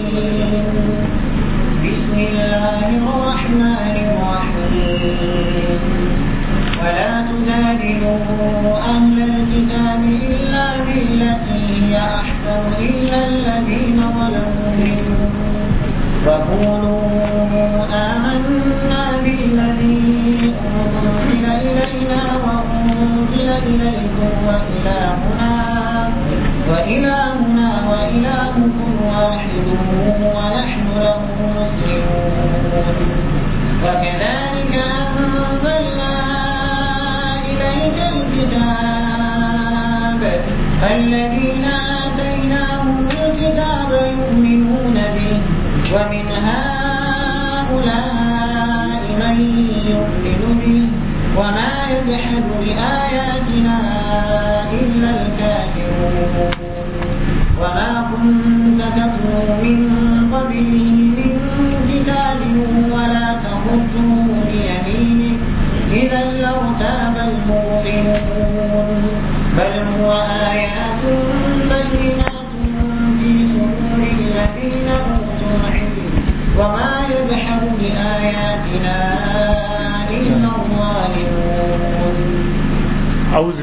Thank you. الذين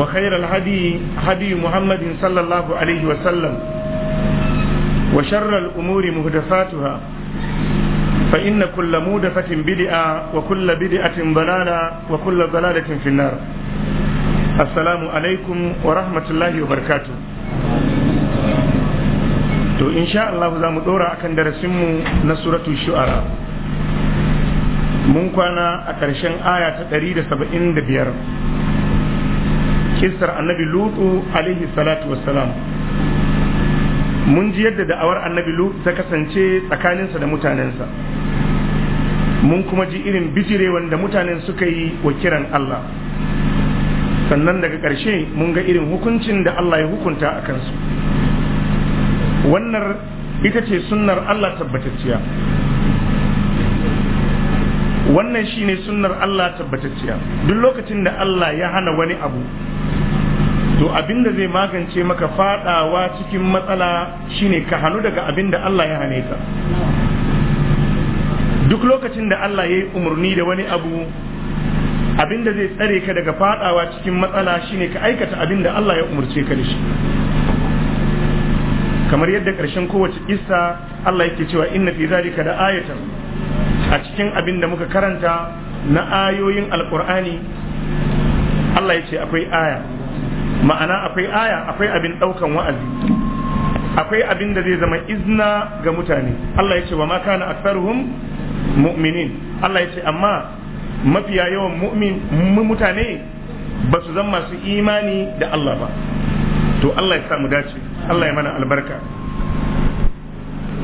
وخير الهدي هدي محمد صلى الله عليه وسلم وشر الأمور مهدفاتها فإن كل مودفة بدعة وكل بدعة ضلالة وكل ضلالة في النار السلام عليكم ورحمة الله وبركاته to insha Allah za mu dora akan darasinmu na suratul shu'ara mun kwana a ƙarshen aya ta 175 kisar annabi lutu alaihi salatu wassalam mun ji yadda da'awar annabi lutu ta kasance tsakaninsa da mutanensa mun kuma ji irin bijire wanda mutanen suka yi wa kiran Allah sannan daga ƙarshe mun ga irin hukuncin da Allah ya hukunta a kansu wannan ita ce sunnar Allah tabbatacciya wannan shi ne sunnar Allah tabbatacciya duk lokacin da Allah ya hana wani abu to abinda zai magance maka fadawa cikin matsala shine ka hannu daga abinda Allah ya hane ka duk lokacin da Allah ya yi umarni da wani abu abinda zai tsare ka daga fadawa cikin matsala shine ka aikata abinda Allah ya umarce ka da shi kamar yadda ƙarshen kowace isa Allah yake cewa inna fi zalika da ayatan a cikin abin da muka karanta na ayoyin alkur'ani Allah ya ce akwai aya ma'ana akwai aya akwai abin ɗaukan wa'azi akwai abin da zai zama izna ga mutane Allah ya ce wa ma kana aktsaruhum mu'minin Allah ya ce amma mafiya yawan mu'min mutane ba su zama masu imani da Allah ba to Allah ya samu dace Allah ya mana albarka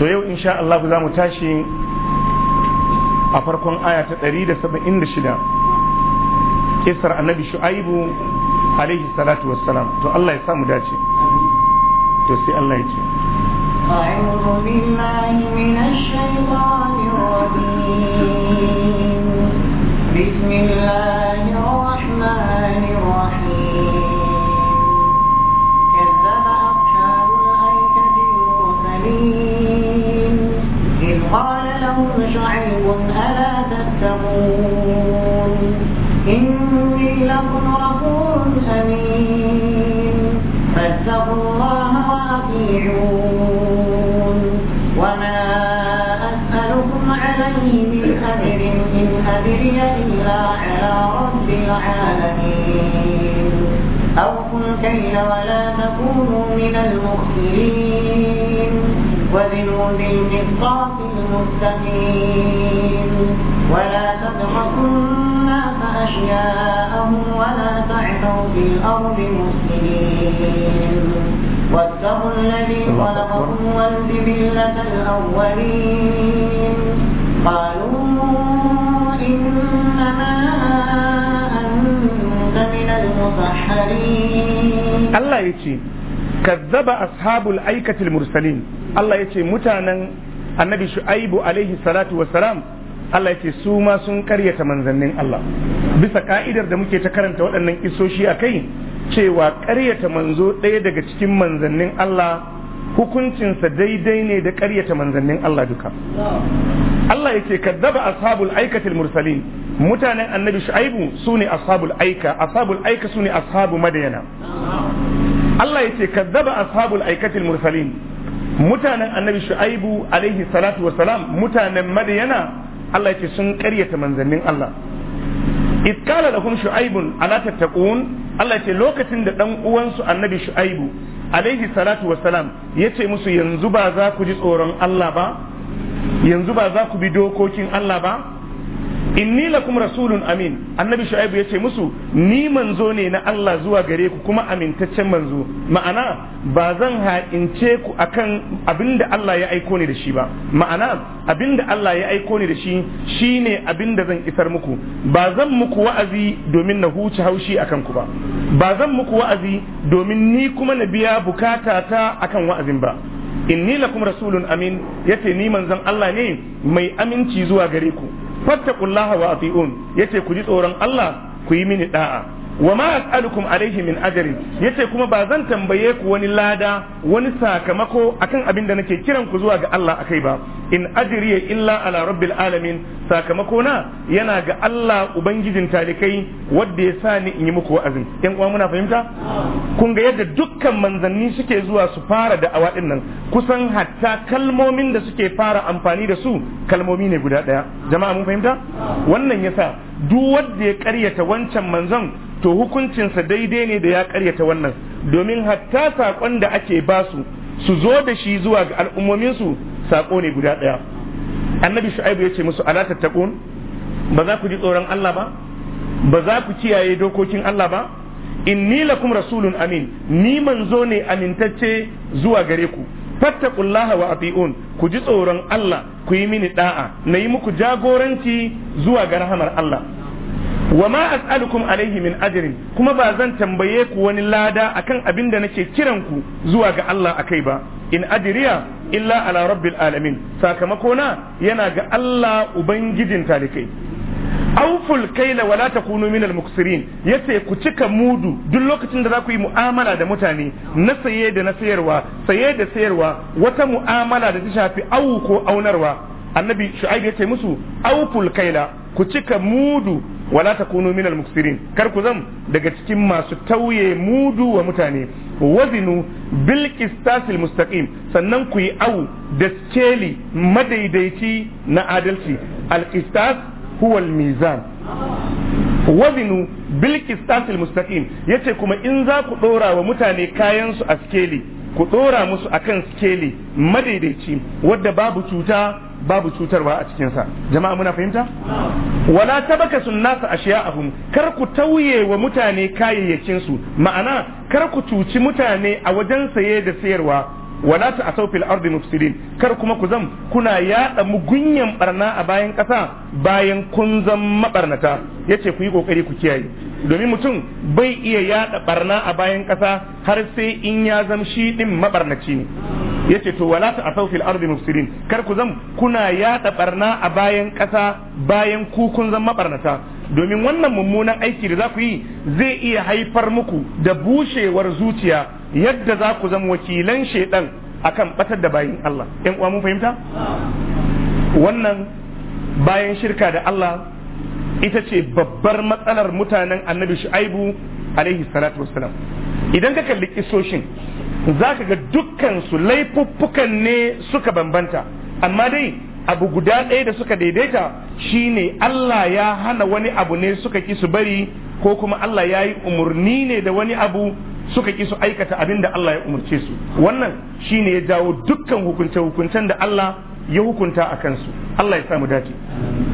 to yau insha Allah za mu tashi a farkon aya ta 176 kisar annabi shu'aibu alaihi salatu wassalam to Allah ya samu dace to sai Allah ya ce بسم الله الرحمن ألا تتقون إني لكم رسول أمين فاتقوا الله وأطيعون وما أسألكم عليه من أجر إن أجري إلا على رب العالمين أوفوا الكيل ولا تكونوا من المخسرين وزنوا بالمقصاص المستقيم ولا تبخسوا الناس أشياءهم ولا تعثوا في الأرض مفسدين واتقوا الذي خلقكم والجبلة الأولين قالوا إنما أنت من المسحرين الله يجي كذب أصحاب الأيكة المرسلين Allah ya ce mutanen annabi shu'aibu alaihi salatu wa salam. Allah ya ce su ma sun karyata manzannin Allah bisa ka'idar da muke ta karanta waɗannan isoshi a kai cewa karyata manzo ɗaya daga cikin manzannin Allah hukuncinsa daidai ne da karyata manzannin Allah duka Allah ya ce kaddaba ashabul aikatil mursalin mutanen annabi shu'aibu su ne ashabul aika ashabul aika su ne ashabu madayana Allah ya ce kaddaba ashabul aikatil mursalin mutanen annabi shu'aibu alaihi salatu wa salam mutanen madiyana Allah ce sun karyata manzannin Allah iskala da lahum shu'aibun ala tattaqun Allah ce lokacin da dan uwansu annabi shu'aibu alaihi salatu wa salam ya ce musu yanzu ba za ku ji tsoron Allah ba yanzu ba za ku bi dokokin Allah ba inni lakum rasulun amin annabi shu'aibu ce musu ni manzo ne na Allah zuwa gare ku kuma amintaccen manzo ma'ana ba zan ha'ince ku akan abinda Allah ya aiko ni da shi ba ma'ana abinda Allah ya aiko ni da shi shine abinda zan isar muku ba zan muku wa'azi domin na huce haushi akan ku ba ba zan muku wa'azi domin ni kuma na biya bukata ta akan wa'azin ba inni lakum rasulun amin yace ni manzon Allah ne mai aminci zuwa gare ku fattaqullaha wa ati'un yace ku ji tsoron Allah ku yi mini da'a wa ma as'alukum alaihi min ajrin yace kuma ba zan tambaye ku wani lada wani sakamako akan abin da nake kiran ku zuwa ga Allah akai ba in ajri illa ala rabbil alamin sakamako na yana ga Allah ubangijin talikai wanda ya sa ni in yi muku wa'azin yan uwa muna fahimta kun ga yadda dukkan manzanni suke zuwa su fara da awa nan kusan hatta kalmomin da suke fara amfani da su kalmomi ne guda daya jama'a mun fahimta wannan yasa duk wanda ya karyata wancan manzon to hukuncinsa daidai ne da ya karyata wannan domin hatta saƙon da ake basu su zo da shi zuwa ga al'ummominsu saƙo ne guda ɗaya annabi shu'aibu ya ce musu ala tattaqun ba za ku ji tsoron Allah ba ba za ku kiyaye dokokin Allah ba inni lakum rasulun amin ni manzo ne amintacce zuwa gare ku fattaqullaha wa ati'un ku ji tsoron Allah ku yi mini da'a na yi muku jagoranci zuwa ga rahamar Allah wa ma as'alukum alaihi min ajrin kuma ba zan tambaye ku wani lada akan abin da nake kiran ku zuwa ga Allah akai ba in ajriya illa ala rabbil alamin sakamako yana ga Allah ubangijin talikai awful kaila wala takunu minal muksirin yace ku cika mudu duk lokacin da za ku yi mu'amala da mutane na saye da na sayarwa saye da sayarwa wata mu'amala da ta shafi awu ko aunarwa annabi shu'aib yace musu awful kaila ku cika mudu wala takunu minal muksirin kar ku zam daga cikin masu tauye mudu wa mutane wazinu bil qistasil mustaqim sannan ku yi awu da skeli madaidaici na adalci al qistas huwa al wazinu bil qistasil mustaqim yace kuma in za ku dora wa mutane kayansu a skeli ku dora musu akan skeli madaidaici wadda babu cuta babu cutarwa a cikinsa jama'a muna fahimta wala tabaka sun nasa ashiya'ahum kar ku tauye wa mutane kayayyakin su ma'ana kar ku cuci mutane a wajen saye da sayarwa wala ta asau fil ardi mufsidin kar kuma ku zam kuna yaɗa mugunyan barna a bayan ƙasa bayan kun zam mabarnata yace ku yi kokari ku kiyaye domin mutum bai iya yaɗa barna a bayan ƙasa har sai in ya zam shi din mabarnaci ne yace to wala ta asau fil ardi mufsidin kar ku zam kuna yaɗa barna a bayan ƙasa bayan ku kun zam mabarnata domin wannan mummunan aiki da za ku yi zai iya haifar muku da bushewar zuciya yadda za ku zama wakilan shaidan akan batar da bayin Allah ɗan uwa mun fahimta wannan bayan shirka da Allah ita ce babbar matsalar mutanen annabi shu'aibu alaihi salatu wassalam idan ka kalli kisoshin za ka ga dukkan su laifuffukan ne suka bambanta amma dai abu guda ɗaya da suka daidaita shine Allah ya hana wani abu ne suka ki su bari ko kuma Allah ya yi umarni ne da wani abu suka ki su aikata abin da Allah ya umarce su wannan shine ya jawo dukkan hukunce hukuncen da Allah ya hukunta a kansu Allah ya samu dace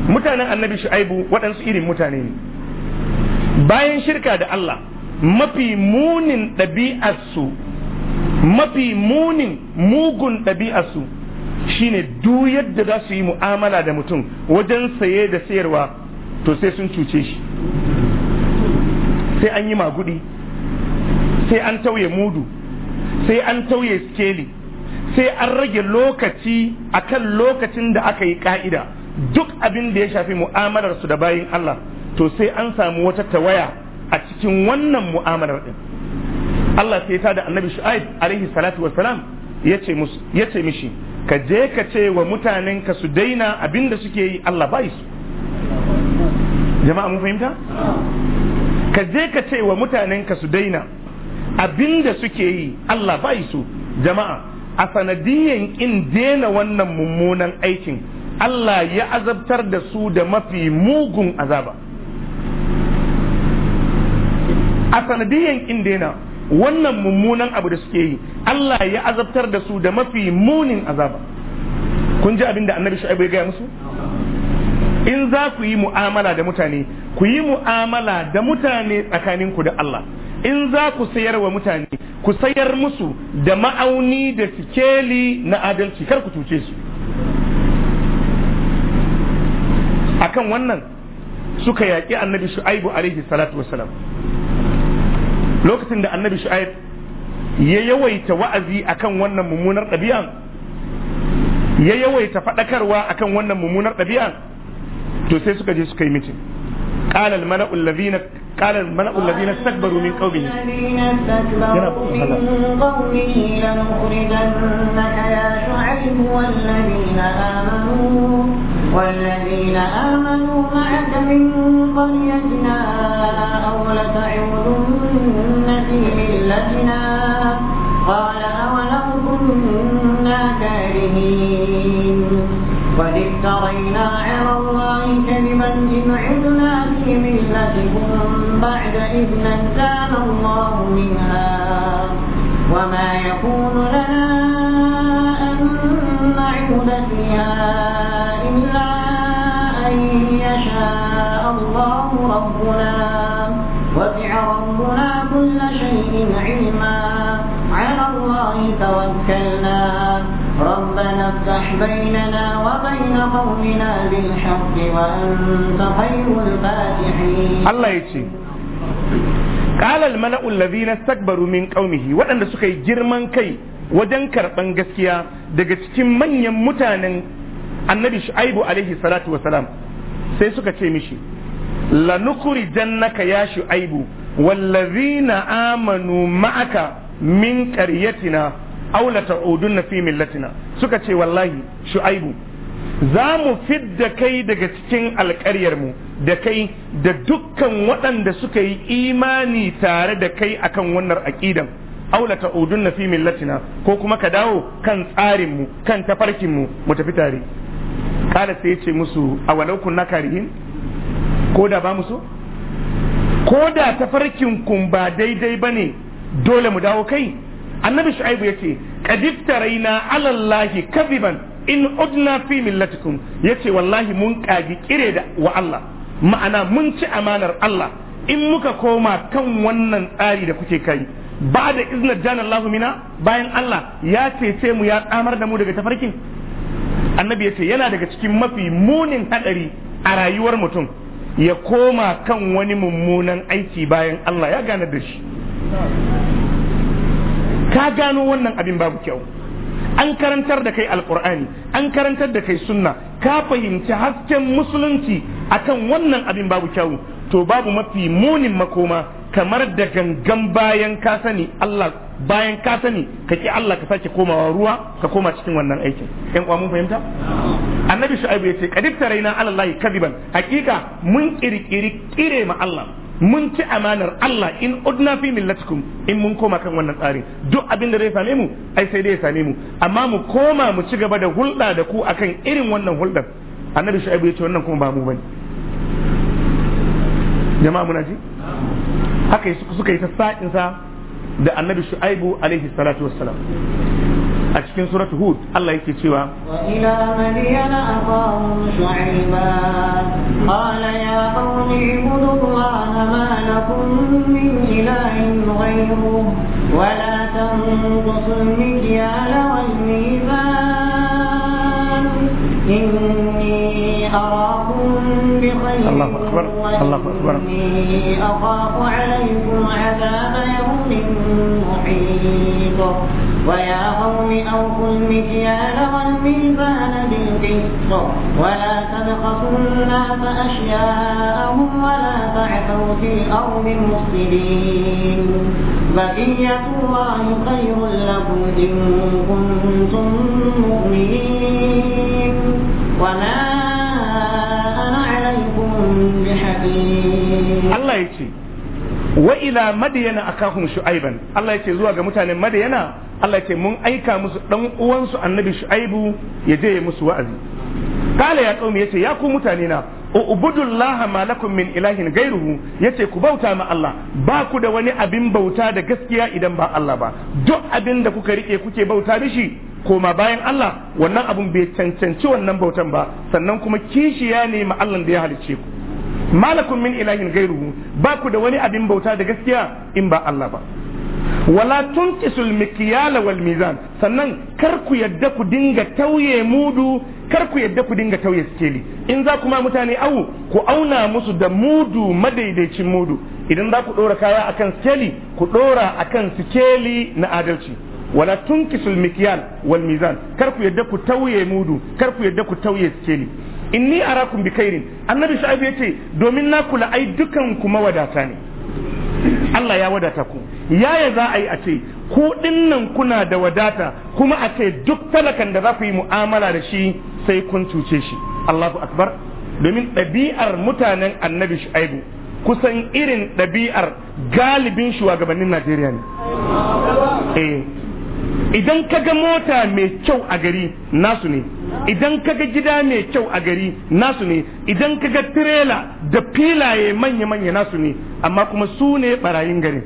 mutanen annabi shu'aibu waɗansu irin mutane ne bayan shirka da Allah mafi munin ɗabi'arsu mafi munin mugun ɗabi'arsu shine duk yadda za su yi mu'amala da mutum wajen saye da sayarwa to sai sun cuce shi sai an yi magudi sai an tauye mudu sai an tauye skeli sai an rage lokaci akan lokacin da aka yi ka'ida duk abin da ya shafi mu'amalar su da bayin Allah to sai an samu wata tawaya a cikin wannan mu'amalar din Allah sai ta da annabi Shu'aib alaihi salatu wassalam yace musu yace mishi ka je ka ce wa mutanen ka su daina abin da suke yi Allah bai su jama'a mun fahimta ka je ka ce wa mutanen ka su daina abinda suke yi Allah bai so jama'a a sanadiyyan in dena wannan mummunan aikin Allah ya azabtar da su da mafi mugun azaba a sanadiyyan in dena wannan mummunan abu da suke yi Allah ya azabtar da su da mafi munin azaba kun ji abin da annabi shu'aibu ya gaya musu in za ku yi mu'amala da mutane ku yi mu'amala da mutane tsakaninku da Allah in za ku sayar wa mutane ku sayar musu da ma'auni da sikeli na adalci kar ku cuce su akan wannan suka yaƙi annabi shu'aibu alaihi salatu wasalam lokacin da annabi shu'aib ya yawaita wa'azi akan wannan mummunar ɗabi'a, ya yawaita faɗakarwa akan wannan mummunar ɗabi'a, to sai suka je suka yi mitin قال الملأ الذين قال الملأ الذين استكبروا من قومه الذين استكبروا من قومه لنخرجنك يا شعيب والذين آمنوا والذين آمنوا معك من قريتنا أو لتعودن في ملتنا قال أولو كنا كارهين قد افترينا على الله كلمة إن عدنا في ملتنا بعد إذ نجانا الله منها وما يكون لنا أن نعود فيها إلا أن يشاء الله ربنا وسع ربنا كل شيء علما على الله توكلنا ربنا افتح بيننا وبين قومنا بالحق وأنت خير الفاتحين الله يجزيك qalal mala'u allazina stakbaru min qaumihi waɗanda suka yi girman kai wajen karɓan gaskiya daga cikin manyan mutanen annabi shu'aibu alaihi salatu salam sai suka ce mishi lanukhrijannaka ya shu'aibu wallazina amanu ma'aka min qaryatina aw la ta'udunna fi millatina suka ce wallahi shu'aibu za mu fidda kai daga cikin mu da kai da dukkan waɗanda suka yi imani tare da kai akan wannan aƙidan aula udun na fi millatina ko kuma ka dawo kan tsarinmu kan tafarkinmu mu tafi tare kala sai ce musu a walau na karihin ko da ba mu so ko da tafarkin kun ba daidai ba ne dole mu dawo kai annabi shu'aibu ya ce kadifta raina alallahi kaziban in udna fi millatikum yace wallahi mun kagi kire da wa Allah ma'ana mun ci amanar Allah in muka koma kan wannan tsari da kuke kai ba da iznar janallahu mina bayan Allah ya ce cece mu ya tsamar da mu daga tafarkin annabi yace yana daga cikin mafi munin hadari a rayuwar mutum ya koma kan wani mummunan aiki bayan Allah ya gane da shi ka gano wannan abin babu kyau an karantar da kai alkur'ani an karantar da kai sunna ka fahimci hasken musulunci akan wannan abin babu kyawu to babu mafi munin makoma kamar da gangan bayan ka sani Allah bayan ka sani ka ki Allah ka sake komawa ruwa ka koma cikin wannan aikin ƴan mun fahimta annabi shu'aibu yace ka taraina ala allahi kadiban hakika mun kirkiri kire ma Allah mun ci amanar Allah in udna fi millatikum in mun koma kan wannan tsarin duk abin da zai same mu ai sai dai ya same mu amma mu koma mu ci gaba da hulɗa da ku akan irin wannan hulɗar annabi shu'aibu ya ce wannan kuma ba mu bane jama'a muna ji haka suka yi ta sa'insa da annabi shu'aibu alaihi salatu wassalam a cikin suratu hud Allah yake cewa ila madiyana aqahum shu'aiba qala ya qawmi ibudullaha ma lakum min ilahin ghayruhu wa la mikyala wal mizan inni arakum bi khayrin ويا قوم أوفوا المكيال والميزان بالقسط ولا تبخسوا الناس أشياءهم ولا تعثوا في الأرض مفسدين بقية الله خير لكم إن كنتم مؤمنين وما wa ila madiyana akahum shu'aiban Allah yace zuwa ga mutanen madiyana Allah yake mun aika musu dan uwansu annabi shu'aibu ya je musu wa'azi kala ya qaumi yace ya ku mutane na ubudullaha ma lakum min ilahin gairuhu yace ku bauta ma Allah ba ku da wani abin bauta da gaskiya idan ba Allah ba duk abin da kuka rike kuke bauta Ko koma bayan Allah wannan abun bai cancanci wannan bautan ba sannan kuma kishiya ne ma Allah da ya halicce ku Malakun min ilahin gairuhu ba ku da wani abin bauta da gaskiya in ba Allah ba wala tunqisul mikyala wal mizan sannan kar ku yadda ku dinga tauye mudu kar ku yadda ku dinga tauye sikeli in za ku ma mutane awu ku auna musu da mudu madaidaicin mudu idan za ku dora kaya akan sikeli ku dora akan sikeli na adalci wala tunqisul mikyal wal mizan kar ku yadda ku tauye mudu kar ku yadda ku tauye sikeli inni arakum bi khairin annabi shu'aib yace domin na kula ai dukan ku mawadata ne Allah ya wadata ku yaya za a yi a ce ku dinnan kuna da wadata kuma a ce duk talakan da za ku yi mu'amala da shi sai kun cuce shi Allahu akbar domin ɗabi'ar mutanen annabi shu'aibu kusan irin ɗabi'ar galibin shugabannin Najeriya ne eh idan ka ga mota mai kyau a gari nasu ne idan kaga gida mai kyau a gari nasu ne idan kaga tirela da filaye manya-manya nasu ne amma kuma su ne barayin gari.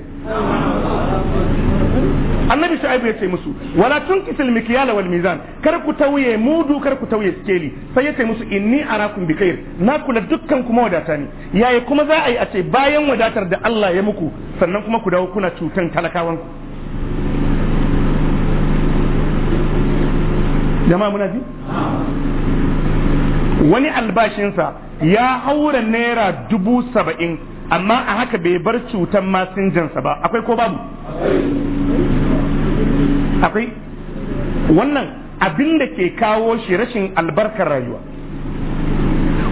annabi shu'aibu ya ce musu wala tunkisil mikyala wal mizan kar ku tauye mudu kar ku tauye skeli sai ya ce musu inni arakum bi khair na kula dukkan kuma wadata ne yaya kuma za a yi a ce bayan wadatar da Allah ya muku sannan kuma ku dawo kuna cutan talakawan jama'a muna ji wani albashinsa ya haura naira dubu saba'in amma a haka bai bar cutan masinjansa ba akwai ko babu akwai wannan abin da ke kawo shi rashin albarkar rayuwa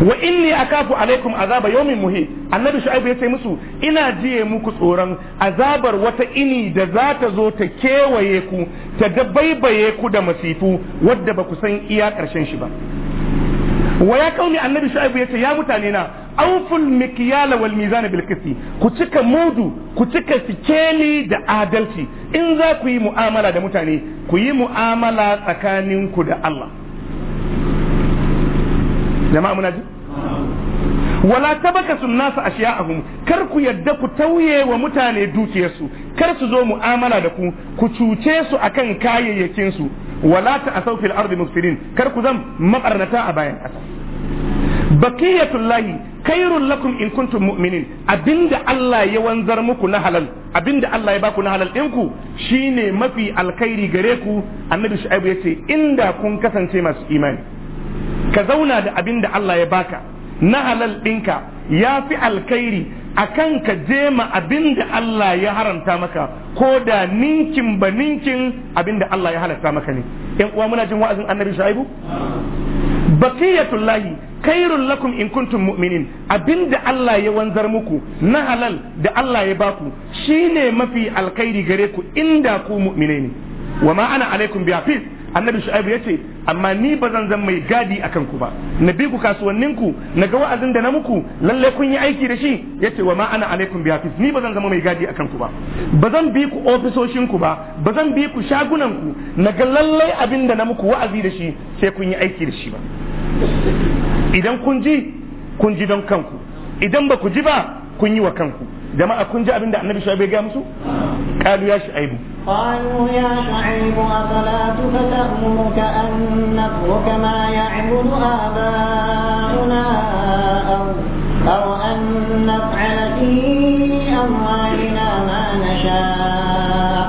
wa inni akafu alaikum azaba yawmin muhi annabi shu'aibu yace musu ina jiye muku tsoron azabar wata ini da za ta zo ta kewaye ku ta dabaibaye ku da masifu wadda ba ku san iya karshen shi ba wa ya kauni annabi shu'aibu yace ya mutane na awful mikyala wal mizan bil qisti ku cika mudu ku cika sikeli da adalci in za ku yi mu'amala da mutane ku yi mu'amala tsakaninku da Allah jama'a muna ji wala tabaka sun nasu ashiya'ahum kar ku yadda ku tauye wa mutane dukiyarsu kar su zo mu'amala da ku ku cuce su akan kayayyakin su wala ta asau fil ardi mufsirin kar ku zam mabarnata a bayan kasa bakiyatullahi khairul lakum in kuntum mu'minin abinda Allah ya wanzar muku na halal abinda Allah ya baku na halal ɗinku shine mafi alkhairi gare ku annabi shu'aibu yace inda kun kasance masu imani ka zauna da abin da Allah ya baka na halal ɗinka ya fi alkhairi akan ka jema abin da Allah ya haramta maka ko da ninkin ba ninkin abin da Allah ya halarta maka ne yan uwa muna jin wa'azin annabi shaibu baqiyatullahi khairul lakum in kuntun mu'minin abinda Allah ya wanzar muku na halal da Allah ya baku shine mafi alkhairi gare ku inda ku mu'mine ne wa ma'ana ana alaikum bi annabi shu'aibu yace amma ni ba zan zan mai gadi akan ku ba na bi ku kasuwannin ku na wa'azin da na muku lalle kun yi aiki da shi yace wa ma ana alaikum bi hafiz ni ba zan zama mai gadi akan ku ba ba zan bi ku ofisoshin ku ba ba zan bi ku shagunan ku na ga lalle abin da na muku wa'azi da shi sai kun yi aiki da shi ba idan kun ji kun ji don kanku idan ba ku ji ba kun yi wa kanku jama'a kun ji abin da annabi shu'aib ya ga musu qalu ya shu'aib qalu ya shu'aib asalatuka ta'muruka an natruka ma ya'budu aba'una aw aw an naf'ala fi amwalina ma nasha'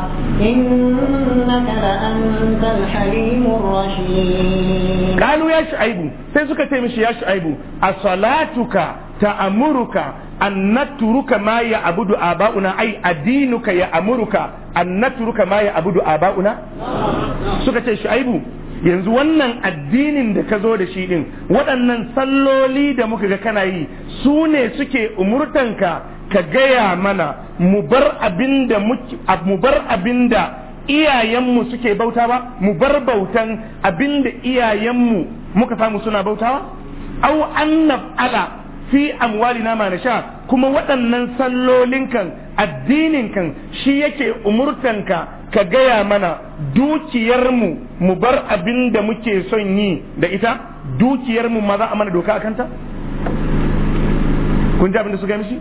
innaka la antal halimur rashid qalu ya shu'aib sai suka ce mishi ya shu'aib asalatuka ta'amuruka an naturuka ma ya abudu aba'una ai adinuka ya amuruka an naturuka ma ya abudu aba'una suka ce shu'aibu yanzu wannan addinin da ka zo da shi din waɗannan salloli da muka ga kana yi su ne suke umurtanka ka gaya mana mu bar abin da iyayenmu suke bauta ba mu bar bautan abinda da iyayenmu muka samu suna bautawa au annab ala fi amwalina ma nasha kuma waɗannan sallolin kan addinin kan shi yake umurtanka ka gaya mana dukiyarmu mu bar abin da muke son yi da ita dukiyarmu ma za a mana doka a kanta kun ji abin da suka mishi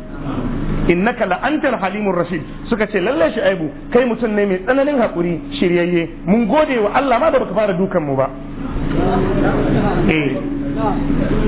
innaka la'antar halimun rashid suka ce lallai aibu kai mutum ne mai tsananin hakuri shiryayye mun gode wa Allah ma da baka fara dukan mu ba eh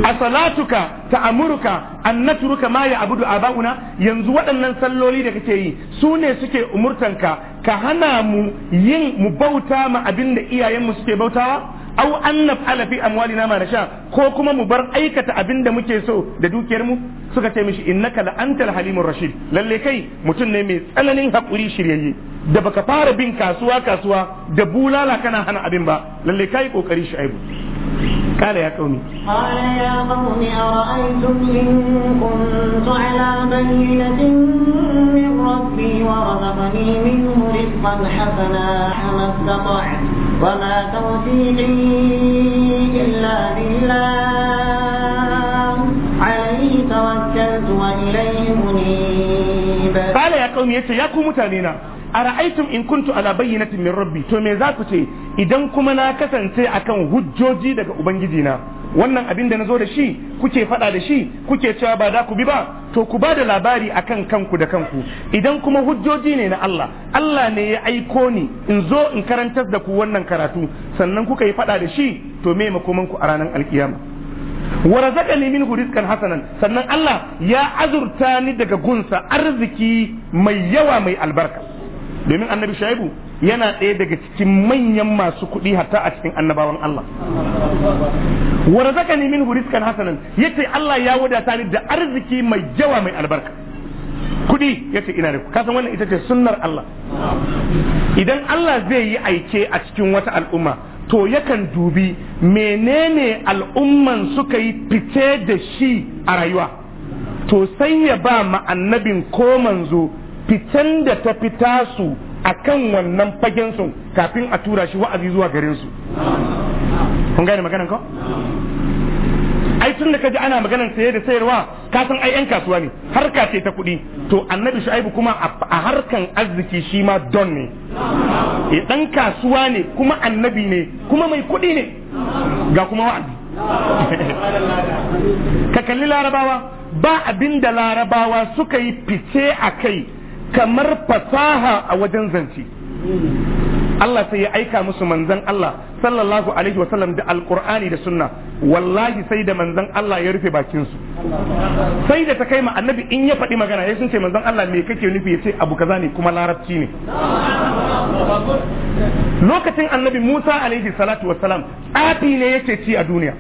asalatuka ta'amuruka an turuka ma a aba'una yanzu waɗannan salloli da kake yi su ne suke umurtanka ka hana mu yin mu bauta ma abin da iyayenmu suke bautawa au an a fi amwalina mara sha ko kuma mu bar aikata abin da muke so da dukiyarmu suka ce mishi inna ka la'antar halimur rashid lalle kai mutum ne mai tsananin hakuri shiryayye da baka fara bin kasuwa kasuwa da bulala kana hana abin ba lalle kai kokari shi aibu قال يا قوم قال يا قوم أرأيتم إن كنت على بينة من ربي ورزقني منه رزقا حسنا ما استطعت وما توفيقي إلا بالله عليه توكلت وإليه منيب قال يا قوم يا قوم متانينا ra'aitun in kuntu ala bayyinatin min rabbi to me za ku ce idan kuma na kasance akan hujjoji daga ubangiji na wannan abin da nazo da shi kuke fada da shi kuke cewa ba za ku bi ba to ku ba da labari akan kanku da kanku idan kuma hujjoji ne na Allah Allah ne ya aiko ni in zo in karantar da ku wannan karatu sannan kuka yi fada da shi to me ku a ranar alkiyama wa razaqani minhu rizqan hasanan sannan Allah ya azurta ni daga gunsa arziki mai yawa mai albarka domin annabi shaibu yana ɗaya daga cikin manyan masu kuɗi hatta a cikin annabawan Allah wa razaqani minhu rizqan hasanan yace Allah ya wadata ni da arziki mai yawa mai albarka kuɗi ce ina da kasan wannan ita ce sunnar Allah idan Allah zai yi aike a cikin wata al'umma to yakan dubi menene al'umman suka yi fice da shi a rayuwa to sai ya ba ma annabin ko manzo ficen da ta fita su a kan wannan fagen su kafin a tura shi wa'azi zuwa su. kun gane maganan ko? ai tun da kaji ana maganan saye da sayarwa ka san ai yan kasuwa ne harka ce ta kuɗi to annabi shu'aibu kuma a harkan arziki shi ma don ne eh dan kasuwa ne kuma annabi ne kuma mai kuɗi ne ga kuma wa'azi ka kalli larabawa ba abin da larabawa suka yi fice a kai kamar fasaha a wajen zance Allah sai ya aika musu manzan Allah sallallahu alaihi sallam da alkur'ani da sunna wallahi sai da manzan Allah ya rufe bakinsu sai da ta kai ma annabi in ya faɗi magana ya sun ce manzan Allah me kake nufi ya ce abu kaza ne kuma larabci ne lokacin annabi Musa alaihi salatu salam tsafi ne yake ci a duniya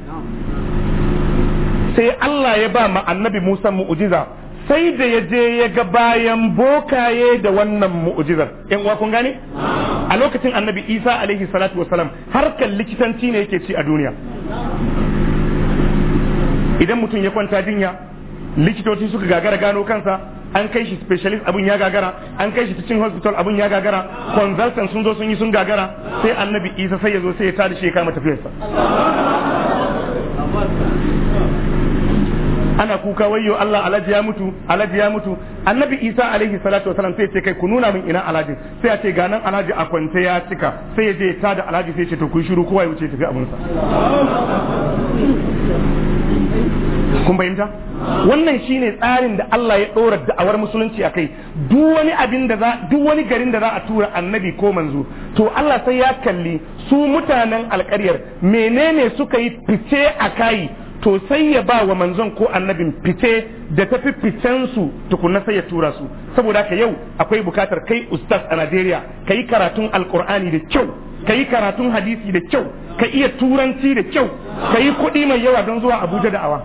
sai Allah ya ba ma annabi Musa mu'jiza sai da ya je ya ga bayan bokaye da wannan mu'jizar yan uwa kun gane a lokacin annabi isa alaihi salatu wasalam harkar likitanci ne yake ci a duniya idan mutum ya kwanta jinya likitoci suka gagara gano kansa an kai shi specialist abun ya gagara an kai shi cikin hospital abun ya gagara consultant sun zo sun yi sun gagara sai annabi isa sai ya zo sai ya tada shi ya kama tafiyarsa ana kuka wayyo Allah alaji ya mutu alaji ya mutu annabi Isa alaihi salatu wasalam sai ce kai ku nuna min ina alaji sai ya ce ga nan alaji a kwance ya cika sai ya je ta da alaji sai ce to ku shiru kowa ya wuce tafi abin sa kun bayyanta wannan shine tsarin da Allah ya dora da'awar musulunci a kai duk wani abin da za duk wani garin da za a tura annabi ko manzo to Allah sai ya kalli su mutanen alƙaryar menene suka yi fice a kai to sai ya ba wa manzon ko annabin fice da tafi ficensu tukunna sai ya tura su saboda ka yau akwai bukatar kai ustaz a Najeriya ka karatun alkur'ani da kyau ka karatun hadisi da kyau ka iya turanci da kyau ka yi kuɗi mai yawa don zuwa Abuja da awa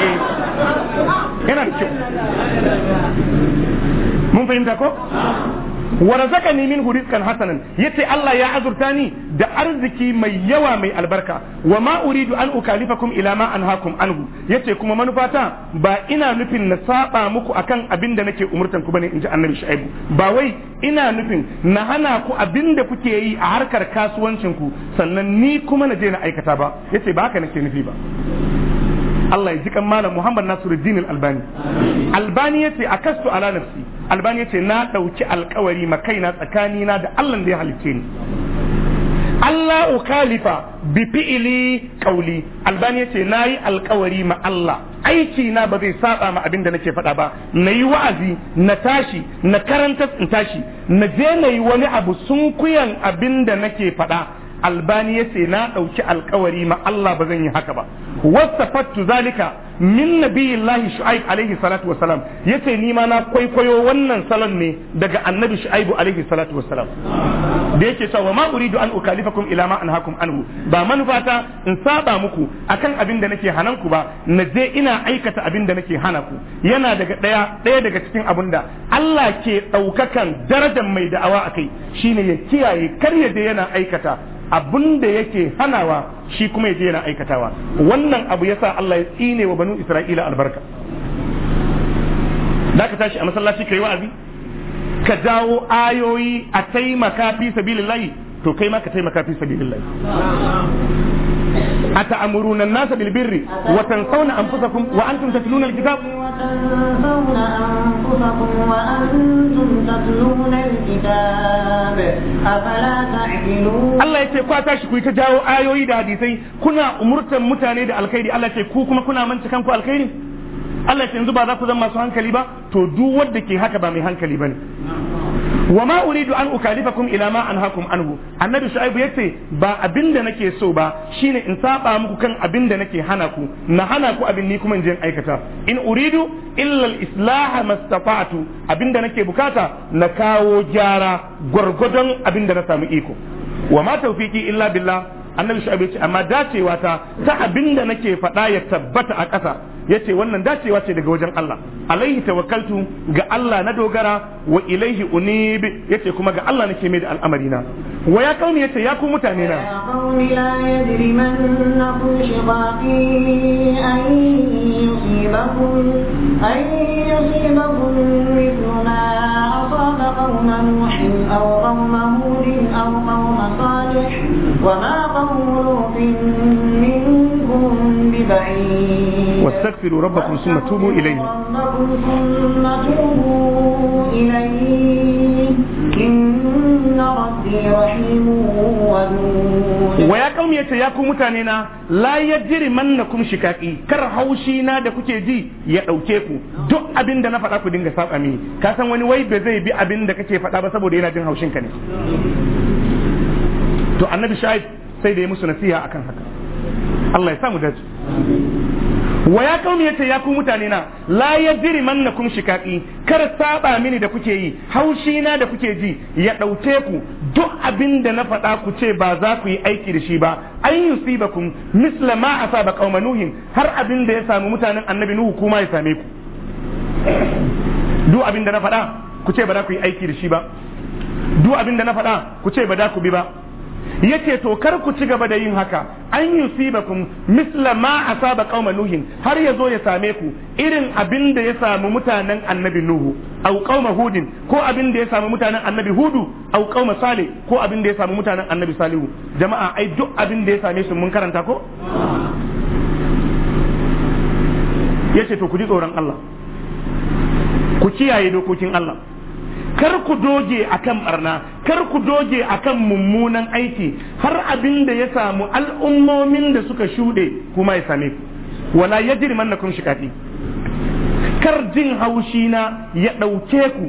eh, yana da kyau mun fahimta ko wa razaqani minhu rizqan hasanan yace Allah ya azurta ni da arziki mai yawa mai albarka wa ma uridu an ukalifakum ila ma anhaakum anhu yace kuma manufata ba ina nufin na saba muku akan abin da nake umurtan ku bane inji annabi shaibu ba wai ina nufin na hana ku abin da kuke yi a harkar kasuwancin ku sannan ni kuma na je na aikata ba yace ba haka nake nufi ba Allah ya ji kan malam Muhammad Nasiruddin Albani Albani yace akastu ala nafsi albani ce na ɗauki alkawari makaina tsakanina da allah da ya halicce ni Allah ukalifa bi fi'ili kauli albani yace nayi alkawari ma Allah aiki na ba zai saba ma abin da nake faɗa ba nayi wa'azi na tashi na karanta in tashi na je nayi wani abu sunkuyan abin da nake faɗa albani ya ce na ɗauki alkawari ma Allah ba zan yi haka ba wasafattu zalika min nabiyillahi shu'aib alaihi salatu wasalam yace ni ma na kwaikwayo wannan salon ne daga annabi shu'aibu alaihi salatu wasalam da yake cewa ma uridu an ukalifakum ila ma anhakum anhu ba manufata in saba muku akan abin da nake hanan ku ba na je ina aikata abin da nake hana ku yana daga daya daya daga cikin abin da Allah ke daukakan darajar mai da'awa akai shine ya kiyaye kar ya je yana aikata abin da yake hanawa shi kuma yaje yana aikatawa wannan abu yasa Allah ya tsine wa banu Isra'ila albarka da ka tashi a masallaci kai wa'azi ka jawo ayoyi a taimaka fi sabilillahi to kai ma ka taimaka fi sabilillahi أتأمرون الناس بالبر وتنسون أنفسكم وأنتم تتلون الكتاب وتنسون أنفسكم وأنتم تتلون الكتاب أفلا تعقلون الله يتي كوا تاشي كوي تجاو آيوي دا حديثي كنا أمرتم متاني دا الخير الله يتي كوكما كنا من تكنكو الخير Allah yanzu ba za ku zama masu hankali ba to duk wanda ke haka ba mai hankali bane wa ma uridu an ukalifakum ila ma anhakum anhu annabi shu'aibu ce ba abinda da nake so ba shine in saɓa muku kan abinda da nake hana ku na hana ku abin ni kuma in je in aikata in uridu illa al-islah mastata'tu abin da nake bukata na kawo gyara gwargwadon abinda na samu iko Wama ma illa billa. annabi shu'aib ya ce amma dacewa ta ta abinda nake faɗa ya tabbata a ƙasa yace wannan dacewa ce daga wajen Allah alaihi tawakkaltu ga Allah na dogara wa ilaihi unib yace kuma ga Allah nake mai da al'amari na wa ya kauni yace ya ku mutane na أو قوم نوح أو قوم هود أو قوم صالح وما قول منكم ببعيد واستغفروا ربكم ثم توبوا إليه ربكم ثم توبوا إليه إن ربي رحيم ودود ويا قوم يا قوم متانينا لا يجرمنكم kar haushi na da kuke ji ya ɗauke ku duk abin da na faɗa ku dinga saba mini ka san wani wai ba zai bi abin da kake faɗa ba saboda yana jin haushin ka ne to annabi shu'aib sai da ya musu nasiha akan haka Allah ya samu dace wa ya kaumi yace ya ku mutane na la yajri mannakum shiqaqi kar saba mini da kuke yi haushi na da kuke ji ya daute ku duk abin da na faɗa ku ce ba za ku yi aiki da shi ba an yusibakum misla ma asaba qauma nuhin har abin da ya samu mutanen annabi nuhu kuma ya same ku duk abin da na faɗa ku ce ba za ku yi aiki da shi ba duk abin da na faɗa ku ce ba za ku bi ba yace to kar ku ci gaba da yin haka an yusibakum misla ma asaba qauma nuhin har yazo ya same ku irin abin da ya samu mutanen annabi nuhu au qauma hudin ko abin da ya samu mutanen annabi hudu au qauma salih ko abin da ya samu mutanen annabi salihu jama'a ai duk abin da ya same su mun karanta ko yace to ku ji tsoron Allah ku kiyaye dokokin Allah kar ku doge akan barna kar ku doge akan mummunan aiki har abin da ya samu al'ummomin da suka shuɗe kuma ya same ku wala yajrimannakum shiqaqi kar jin haushi na ya ɗauke ku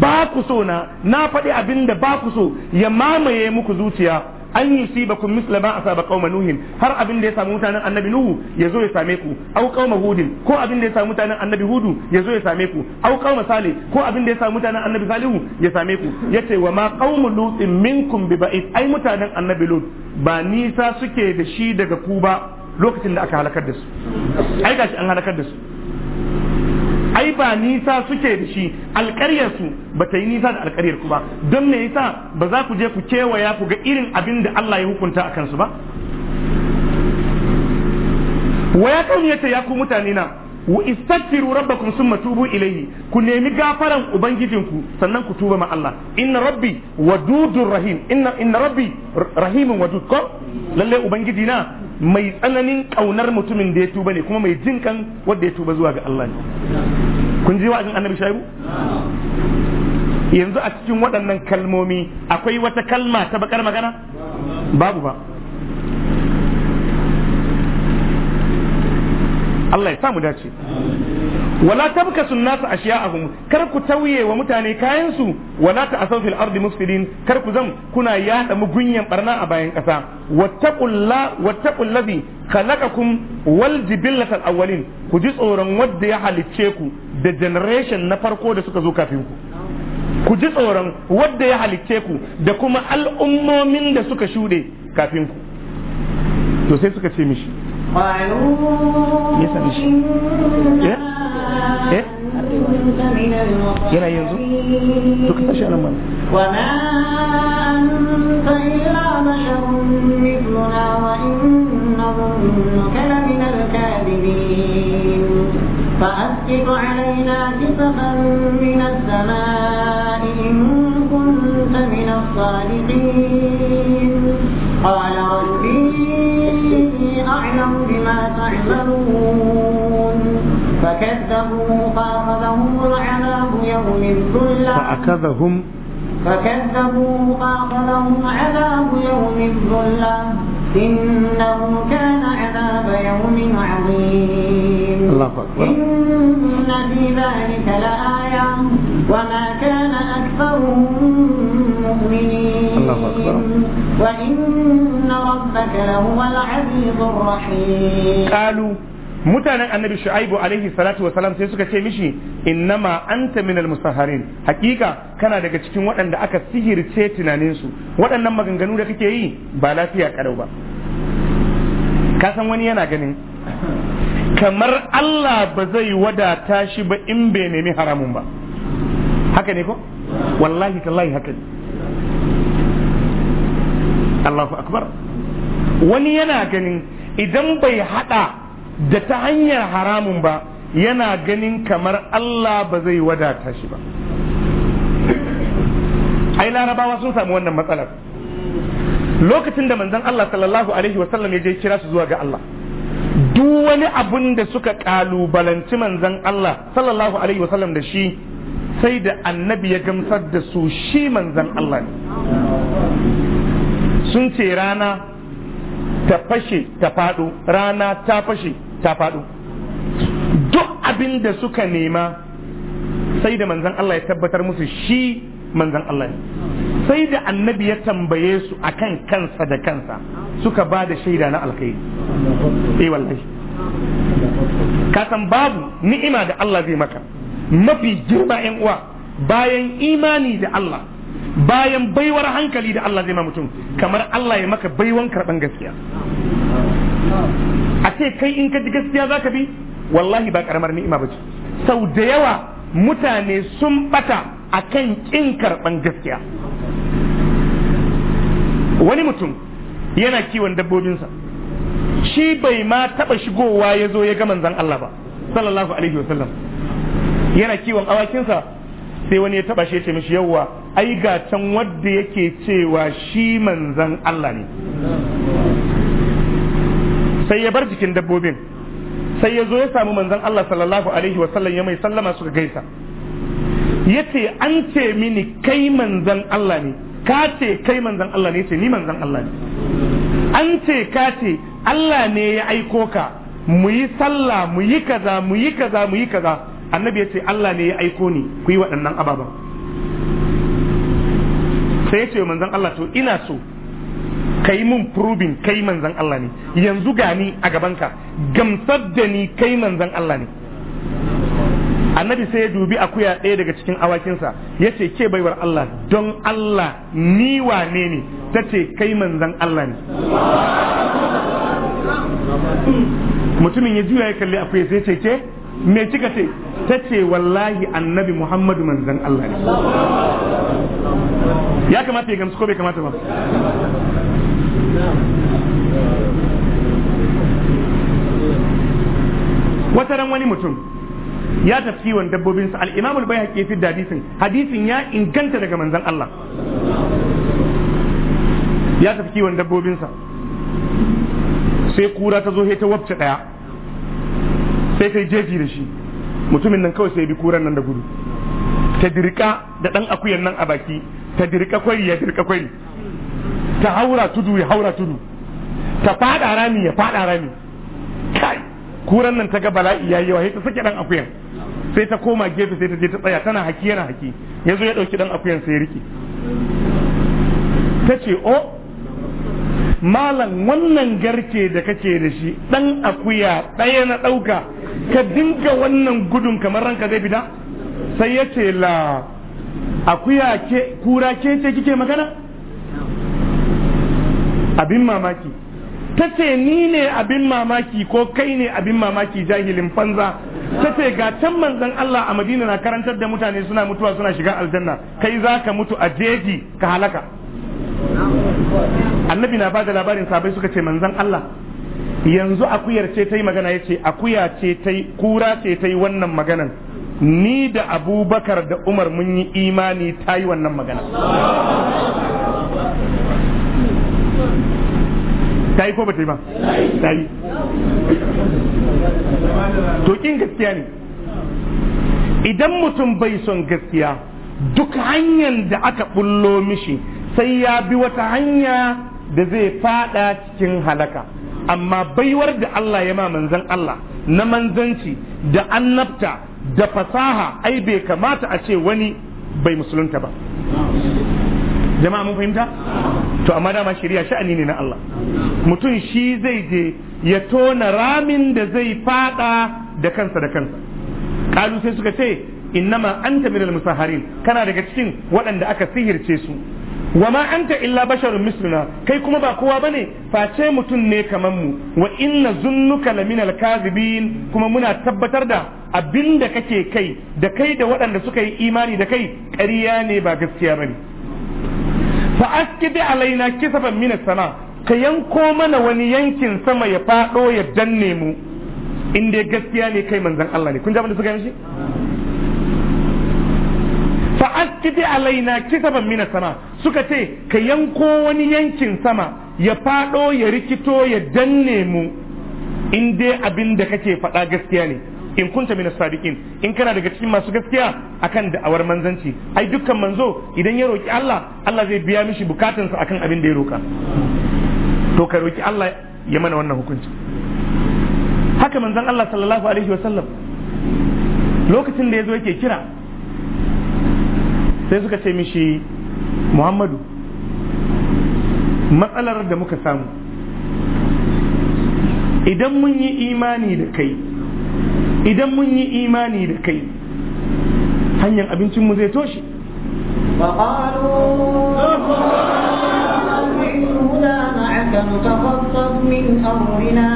ba ku so na na faɗi abin da ba ku so ya mamaye muku zuciya an yi ba kun misla a saba kauma nuhin har abin da ya samu mutanen annabi nuhu ya zo ya same ku au kauma hudin ko abin da ya samu mutanen annabi hudu ya zo ya same ku au kauma salih ko abin da ya samu mutanen annabi salihu ya same ku yace wa ma qaumu lutin minkum bi ba'id ai mutanen annabi lut ba nisa suke da shi daga ku ba lokacin da aka halakar da su ai gashi an halakar da su ai ba nisa suke da shi alƙaryar su ba ta yi nisa da alƙaryar ku ba don me yasa ba za ku je ku kewaya ku ga irin abin da Allah ya hukunta a kansu ba waya kan yace ya ku mutane na wa istaghfiru rabbakum summa tubu ilayhi ku nemi gafaran ubangijinku sannan ku tuba ma Allah inna rabbi wadudur rahim inna inna rabbi rahimun wadud ko lalle ubangiji mai tsananin ƙaunar mutumin da ya tuba ne kuma mai jin kan ya tuba zuwa ga Allah ne kun ji wa'azin annabi shaibu yanzu a cikin waɗannan kalmomi akwai wata kalma ta bakar magana babu ba Allah ya samu dace wala tabkasu nasu ashiya'ahum kar ku tauye wa mutane kayan su wala ta'asaw fil ardi mufsidin kar ku zan kuna yaɗa mugunyan barna a bayan kasa wattaqulla wattaqul kun khalaqakum wal jibillata al ku ji tsoron wanda ya halicce ku da generation na farko da suka zo kafin ku ku ji tsoron wadda ya halicce ku da kuma al'ummomin da suka shuɗe kafin ku to suka ci mishi قالوا إنا yana yanzu to ka tashi anan mana wa ma anta illa basharun mithluna wa innadhunnuka la min al-kadhibin fa asqit alayna kisfan min as-sama فأخذهم فكذبوا فأخذهم عذاب يوم الظلة إنه كان عذاب يوم عظيم الله أكبر إن في ذلك لآية وما كان أكثرهم مؤمنين الله أكبر وإن ربك لهو العزيز الرحيم قالوا mutanen annabi shu'aibu alaihi salatu wa salam sai suka ce mishi innama anta minal musaharin hakika kana daga cikin waɗanda aka sihirce tunaninsu waɗannan maganganu da kake yi ba lafiya kadau ba ka san wani yana ganin kamar Allah ba zai wadata shi ba in bai nemi haramun ba haka ne ko wallahi tallahi haka ne Allahu akbar wani yana ganin idan bai hada da ta hanyar haramun ba yana ganin kamar Allah ba zai wadata shi ba ai larabawa sun samu wannan matsalar lokacin da manzon Allah sallallahu alaihi wasallam ya je kira su zuwa ga Allah duk wani abun da suka kalubalanci manzon Allah sallallahu alaihi wasallam da shi sai da annabi ya gamsar da su shi manzon Allah ne sun ce rana ta fashe ta faɗo rana ta fashe ta faɗo duk abin da suka nema sai da manzan Allah ya tabbatar musu shi manzan Allah ne sai da annabi ya tambaye su akan kansa da kansa suka ba da shaida na alkhairi eh wallahi ka san babu ni'ima da Allah zai maka mafi girma yan uwa bayan imani da Allah bayan baiwar hankali da Allah zai ma mutum kamar Allah ya maka baiwan karban gaskiya a ce kai in ka ji gaskiya za ka bi wallahi ba karamar ni'ima ba ce sau da yawa mutane sun bata a kan ƙin karɓan gaskiya wani mutum yana kiwon dabbobinsa shi bai ma taɓa shigowa ya zo ya ga manzan Allah ba sallallahu alaihi wasallam yana kiwon awakinsa sai wani ya taɓa shi ce mishi yawwa ai ga can wadda yake cewa shi manzan Allah ne sai ya bar jikin dabbobin sai ya zo ya samu manzon Allah sallallahu alaihi wasallam ya mai sallama suka gaisa ya ce an ce mini kai manzon Allah ne ka ce kai manzon Allah ne ya ce ni manzon Allah ne an ce ka ce Allah ne ya aiko ka mu yi sallah mu yi kaza mu yi kaza mu yi kaza annabi ya ce Allah ne ya aiko ni ku yi waɗannan ababen sai ya ce manzon Allah to ina so kai mun probing kai manzan Allah ne yanzu gani a gabanka gamsar da ni kai manzan Allah ne annabi sai ya dubi akuya ɗaya daga cikin awakinsa ya ce ke baiwar Allah don Allah ni wane ne ta ce kai manzan Allah ne mutumin ya juya ya kalli akuya sai ce ke me kika ce ta ce wallahi annabi Muhammadu manzan Allah ne ya kamata ya gamsu ko bai kamata ba wata ran wani mutum ya tafi kiwon dabbobinsa al bai al-bayhaqi fi hadisin hadisin ya inganta daga manzon Allah ya tafi kiwon dabbobinsa sai kura ta zo ta wabce daya sai kai jeji da shi mutumin nan kawai sai bi kuran nan da gudu ta dirka da dan akuyan nan a baki ta dirka kwari ya dirka kwari ta haura tudu ya haura tudu ta fada rami ya fada rami kai kuran nan ta ga bala'i yi yawa sai ta sake dan akuyan sai ta koma gefe sai ta je ta tsaya tana haki yana haki yazo ya ɗauki dan akuyan sai ya rike ta ce o malam wannan garke da kake da shi dan akuya ɗaya na ɗauka ka dinga wannan gudun kamar ranka zai fita sai ya ce la akuya ke kura ke ce kike magana abin mamaki ta ce ni ne abin mamaki ko kai ne abin mamaki jahilin fanza ta ce ga can manzan Allah a madina na karantar da mutane suna mutuwa suna shiga aljanna kai za ka mutu a jeji ka halaka annabi na ba labarin sabai suka ce manzan Allah yanzu akuyar ce ta yi magana ya ce akuya ce ta yi kura ce ta yi wannan maganan ni da abubakar da umar mun yi imani ta yi wannan magana ta yi ko ba ta yi ba ta yi to kin gaskiya ne idan mutum bai son gaskiya duk hanyar da aka bullo mishi sai ya bi wata hanya da zai fada cikin halaka amma baiwar da Allah ya ma manzan Allah na manzanci da annabta da fasaha ai bai kamata a ce wani bai musulunta ba jama'a mun fahimta to amma dama shari'a sha'ani ne na Allah mutum shi zai je ya tona ramin da zai fada da kansa da kansa kalu sai suka ce innama anta minal musaharin kana daga cikin waɗanda aka sihirce su wa ma anta illa basharun misluna kai kuma ba kowa bane face mutum ne kaman mu wa inna zunnuka laminal kazibin kuma muna tabbatar da abinda kake kai da kai da waɗanda suka yi imani da kai ƙarya ne ba gaskiya bane fa askidi alaina kisaban min sama ka yanko mana wani yankin sama ya fado ya danne mu inda gaskiya ne kai manzon Allah ne kun ji abin da suka mishi fa askidi alaina kisaban min sama suka ce ka yanko wani yankin sama ya fado ya rikito ya danne mu in dai abin da kake faɗa gaskiya ne in kunta min sadiqin in kana daga cikin masu gaskiya akan da'awar manzanci ai dukkan manzo idan ya roki Allah Allah zai biya mishi bukatunsa akan abin da ya roka to ka roki Allah ya mana wannan hukunci haka manzon Allah sallallahu alaihi wasallam lokacin da yazo yake kira sai suka ce mishi Muhammadu matsalar da muka samu idan mun yi imani da kai idan mun yi imani da kai hanyar abincin mu zai toshe نتخطف من أرضنا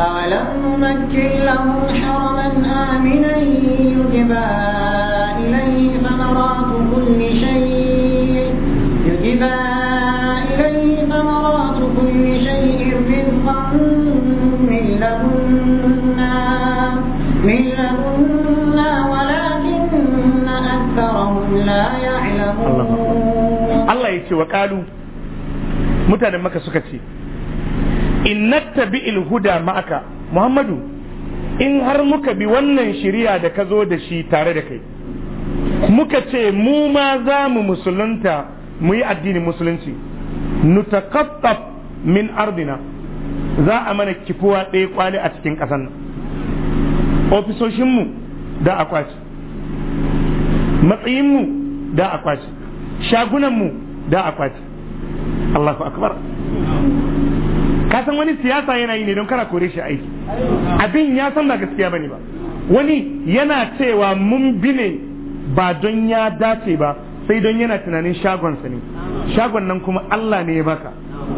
أولم نمكن لهم حرما آمنا يجبى إليه ثمرات كل شيء يجبى إليه ثمرات كل شيء رزقا من لدن Allah ya ce wa kalu mutanen maka suka ce in nattabi'il huda ma'aka Muhammadu in har muka bi wannan shiriya da ka zo da shi tare da kai muka ce mu ma za mu musulunta mu yi addinin musulunci nutaqattaf min ardina za a mana kifuwa ɗaya kwali a cikin ƙasan nan ofisoshinmu da akwati matsayinmu da a kwace shagunanmu da a kwace Allahu akbar ka san wani siyasa yana yi ne don kara kore shi aiki abin ya san ba gaskiya bane ba wani yana cewa mun bi ne ba don ya dace ba sai don yana tunanin shagonsa ne shagon nan kuma Allah ne ya baka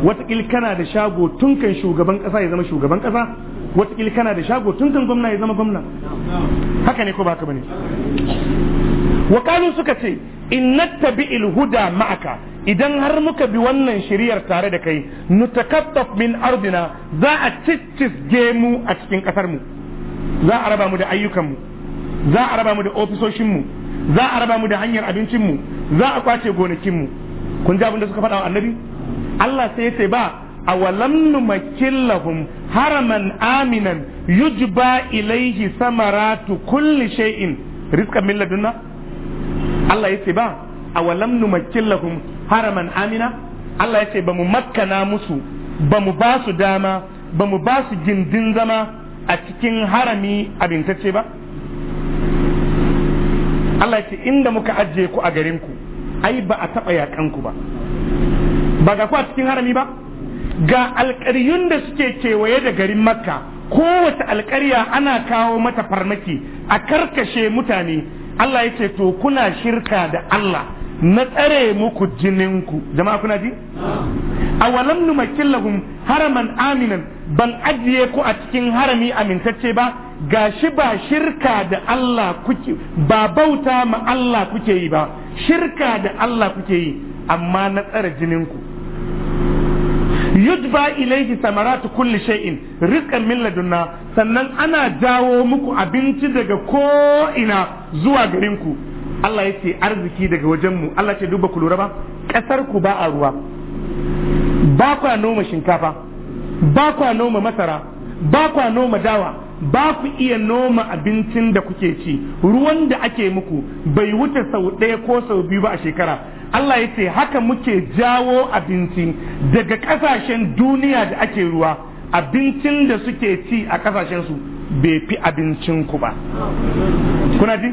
watakil kana da shago tun kan shugaban kasa ya zama shugaban kasa watakil kana da shago tun kan gwamna ya zama gwamna haka ne ko baka bane wakalu suka ce in tabi ilhuda ma'aka idan har muka bi wannan shiriyar tare da kai nutakaffaf min ardina za a ciccisge gemu a cikin ƙasar mu za a raba mu da ayyukan mu za a raba mu da ofisoshin mu za a raba mu da hanyar abincin mu za a kwace gonakin mu kun ji abin da suka faɗa wa annabi Allah sai ya ce ba awalam numakkin lahum haraman aminan yujba ilaihi samaratu kulli shay'in rizqan min ladunna Allah yace ba awalam nu lahum haraman amina Allah yace ba mu makkana musu ba mu ba su dama ba mu ba su gindin zama a cikin harami abintacce ba Allah yace inda muka ajiye ku a garin ku ai ba a taba yakan ku ba ba ga ku a cikin harami ba ga alƙaryun da suke kewaye da garin makka kowace alƙarya ana kawo mata farmaki a karkashe mutane Allah ya ce to kuna shirka da Allah na tsare muku jininku jama'a kuna ji a walam numakin lahum haraman aminan ban ajiye ku a cikin harami amintacce ba gashi ba shirka da Allah kuke ba bauta ma Allah kuke yi ba shirka da Allah kuke yi amma na tsare jininku yujba ilaihi samaratu kulli shay'in rizqan min ladunna sannan ana jawo muku abinci daga ko ina zuwa garin ku Allah ya ce arziki daga wajen mu Allah ce duba ku lura ba kasar ku ba a ruwa ba kwa noma shinkafa ba kwa noma masara ba kwa noma dawa ba ku iya noma abincin da kuke ci ruwan da ake muku bai wuce sau ɗaya ko sau biyu ba a shekara Allah ya ce haka muke jawo abinci daga ƙasashen duniya da ake ruwa abincin da suke ci a su bai fi abincin ku ba kuna ji?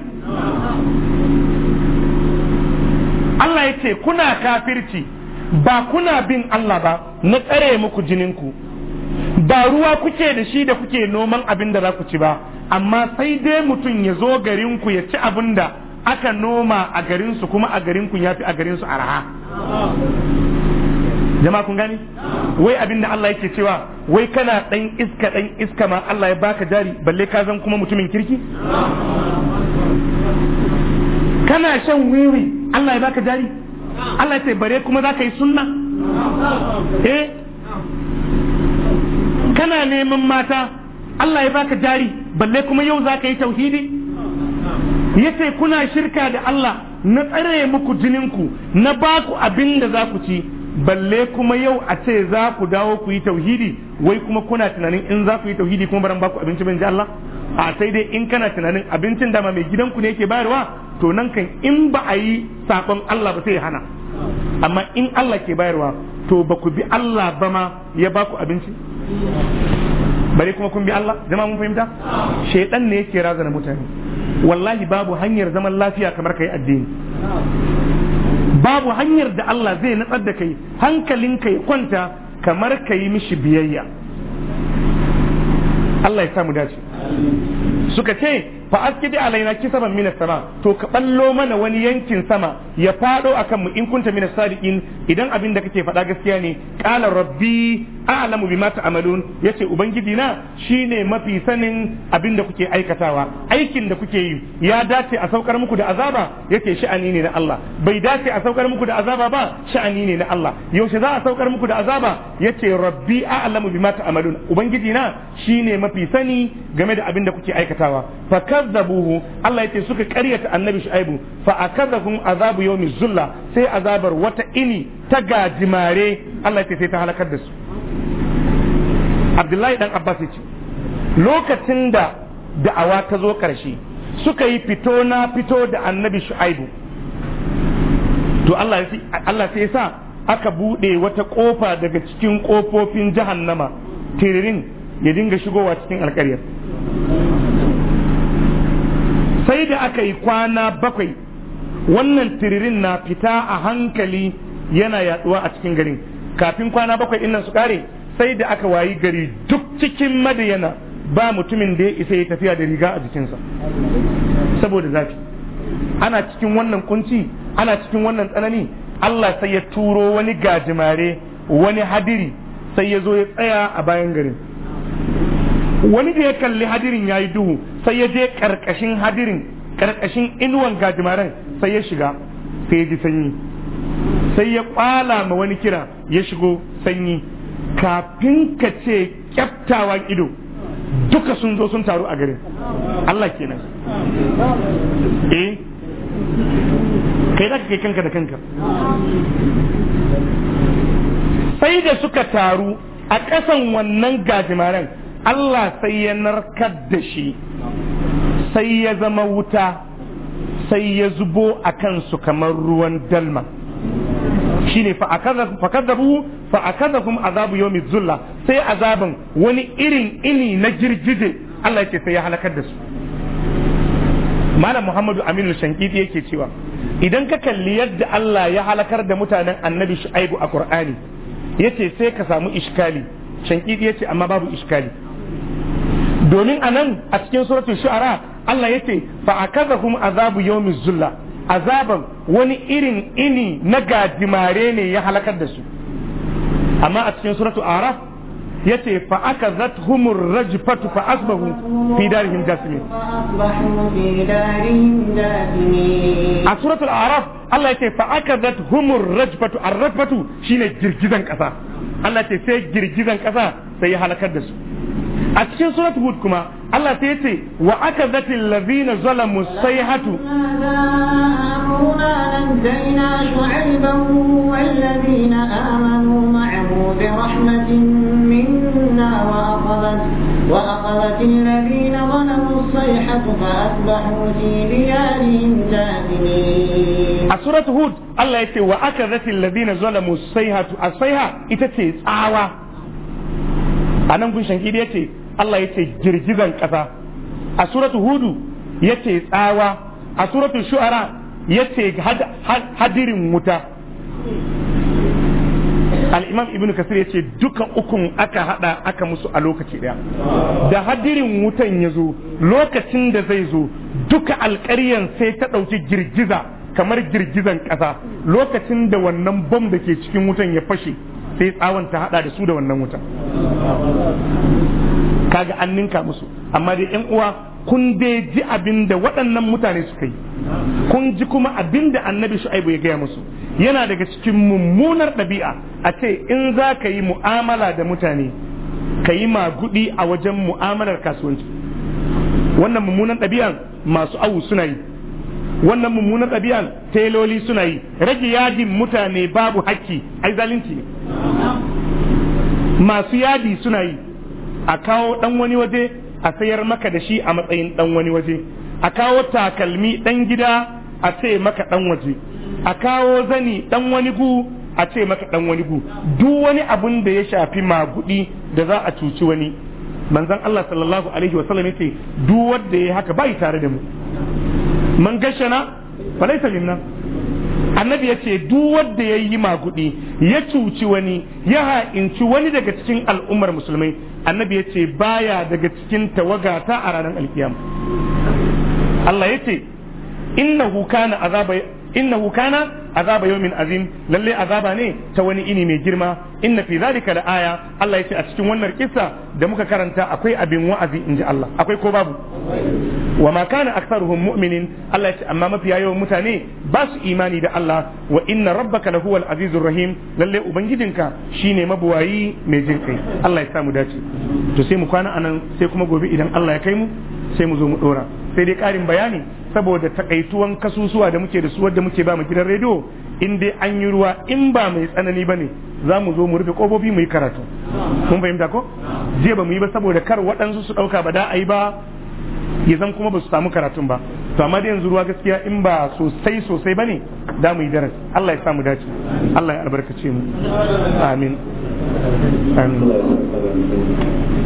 Allah ya ce kuna kafirci ba kuna bin Allah ba na tsare muku jinin ku. ba ruwa kuke da shi da kuke noman abin da za ku ci ba amma sai dai mutum ya zo garin ku ya ci abin da aka noma a garin su kuma a garin ku ya fi a garin su araha jama'a kun gani wai abin da Allah yake cewa wai kana dan iska dan iska ma Allah ya baka jari balle ka zan kuma mutumin kirki kana shan wiwi Allah ya baka jari Allah ya bare kuma za ka yi sunna eh kana neman mata Allah ya baka jari balle kuma yau za ka yi tauhidi ya ce kuna shirka da Allah na tsare muku jinin ku na baku abin da za ku ci balle kuma yau a ce za ku dawo ku yi tauhidi wai kuma kuna tunanin in za ku yi tauhidi kuma baran baku abinci ban ji Allah a sai dai in kana tunanin abincin dama mai gidanku ne yake bayarwa to nan kan in ba a yi sakon Allah ba sai hana amma in Allah ke bayarwa to ba ku bi Allah ba ma ya baku abinci bare kuma kun bi Allah zama mun fahimta shaidan ne yake razana mutane wallahi babu hanyar zaman lafiya kamar kai addini babu hanyar da Allah zai natsar da kai hankalin kai kwanta kamar ka yi mishi biyayya Allah ya samu dace suka ce fa askidi alaina kisaban minas sama to ka ballo mana wani yankin sama ya fado akan mu in kunta minas sadiqin idan abin da kake faɗa gaskiya ne qala rabbi a'lamu bima ta'malun yace ubangiji na shine mafi sanin abin da kuke aikatawa aikin da kuke yi ya dace a saukar muku da azaba yace sha'ani ne na Allah bai dace a saukar muku da azaba ba sha'ani ne na Allah yaushe za a saukar muku da azaba yace rabbi a'lamu bima ta'malun ubangiji na shine mafi sani game da abin da kuke aikatawa fa kazzabuhu Allah yake suka karyata annabi shu'aibu fa akazahum azabu yawmi zulla sai azabar wata ini ta gajimare Allah yake sai ta halakar da su Abdullahi dan Abbas yace lokacin da da'awa ta zo karshe suka yi fito na fito da annabi shu'aibu to Allah Allah sai sa aka bude wata kofa daga cikin kofofin jahannama tiririn ya dinga shigowa cikin alƙaryar sai da aka yi kwana bakwai wannan tiririn na fita a hankali yana yaduwa a cikin garin kafin kwana bakwai dinnan su kare sai da aka wayi gari duk cikin madayana ba mutumin da ya isa ya tafiya da riga a jikinsa saboda zafi ana cikin wannan kunci ana cikin wannan tsanani Allah sai ya turo wani gajimare wani hadiri sai ya zo ya tsaya a bayan garin wani da ya kalli hadirin ya yi duhu sai ya je karkashin hadirin karkashin inuwan gajimaren sai ya shiga sai ya ji sanyi sai ya kwala ma wani kira ya shigo sanyi kafin ka ce kyaftawan ido duka sun zo sun taru a garin Allah kenan eh kai da kai kanka da kanka sai da suka taru a ƙasan wannan gajimaren Allah sai ya narkar da shi sai ya zama wuta sai ya zubo a kansu kamar ruwan dalma shine fakadabu fa'akadahum azabu mai zulla sai azabin wani irin ini na girgije Allah ce sai ya halakar da su Malam Muhammadu Aminu Shankiti yake cewa idan ka kalli yadda Allah ya halakar da mutanen Annabi Shu'aibu a Qur'ani yace sai ka samu iskali Shankiti yace amma babu iskali domin a nan a cikin suratul shu'ara Allah ya ce fa akazahum azabu yawmi zulla azaban wani irin ini na gajimare ne ya halakar da su amma a cikin suratul araf ce fa akazathum rajfatu fa asbahu fi darihim jasimin a suratul araf Allah ya ce fa akazathum rajfatu arrafatu shine girgizan kasa Allah ya ce sai girgizan kasa sai ya halakar da su a cikin surat hud kuma Allah sai ce wa aka zati lazina zalamu sai hatu وأخذت الذين ظلموا الصيحة فأصبحوا في ديارهم جاثمين سورة هود الله يتي وأخذت الذين ظلموا الصيحة الصيحة إتتي آوى a nan gun shankidi yace Allah yace girgizan kasa a suratu hudu yace tsawa a suratu shu'ara yace hadirin wuta al-imam ibnu kasir yace duka ukun aka hada aka musu a lokaci daya da hadirin wutan ya zo lokacin da zai zo duka alƙaryan sai ta ɗauki girgiza kamar girgizan ƙasa lokacin da wannan bom da ke cikin wutan ya fashe sai tsawon ta hada da su da wannan wuta kaga an ninka musu amma dai yan uwa kun dai ji abin da waɗannan mutane suka yi kun ji kuma abin da annabi shu'aibu ya gaya musu yana daga cikin mummunar ɗabi'a a ce in za ka yi mu'amala da mutane ka yi magudi a wajen mu'amalar kasuwanci wannan mummunan ɗabi'an masu awu suna yi wannan mummunan ɗabi'an teloli suna yi rage yadin mutane babu hakki ai zalunci ne masu yadi suna yi a kawo dan wani waje a sayar maka da shi a matsayin dan wani waje a kawo takalmi dan gida a ce maka dan waje a kawo zani dan wani gu a ce maka dan wani gu duk wani abun da ya shafi magudi da za a cuci wani manzon Allah sallallahu alaihi wasallam yace duk wanda ya haka bai tare da mu man gashana falaita minna annabi ya ce duk wanda ya yi magudi ya cuci wani ya ha'inci wani daga cikin al'ummar musulmai annabi ya ce baya daga cikin tawaga ta a ranar alkiyama Allah ya ce innahu kana azaba Inna hukana azaba yawmin azim lalle azaba ne ta wani ini mai girma inna fi zalika la aya Allah yace a cikin wannan kissa da muka karanta akwai abin wa'azi inji Allah akwai ko babu wa ma kana aktharuhum mu'minin Allah yace amma mafiya yawan mutane ba su imani da Allah wa inna rabbaka lahuwal azizun rahim lalle ubangijinka shine mabuwayi mai jin kai Allah ya samu dace to sai mu kwana anan sai kuma gobe idan Allah ya kai mu sai mu zo mu dora sai dai karin bayani saboda takaituwan kasusuwa da muke da su wadda muke ba mu gidan rediyo in dai an yi ruwa in ba mai tsanani ba ne za mu zo mu rufe kofofi mu yi karatu mun fahimta ko jiya ba mu yi ba saboda kar waɗansu su ɗauka ba da a yi ba ya zan kuma ba su samu karatun ba to amma da yanzu ruwa gaskiya in ba sosai sosai ba ne da mu yi darasi Allah ya samu dace Allah ya albarkace mu amin amin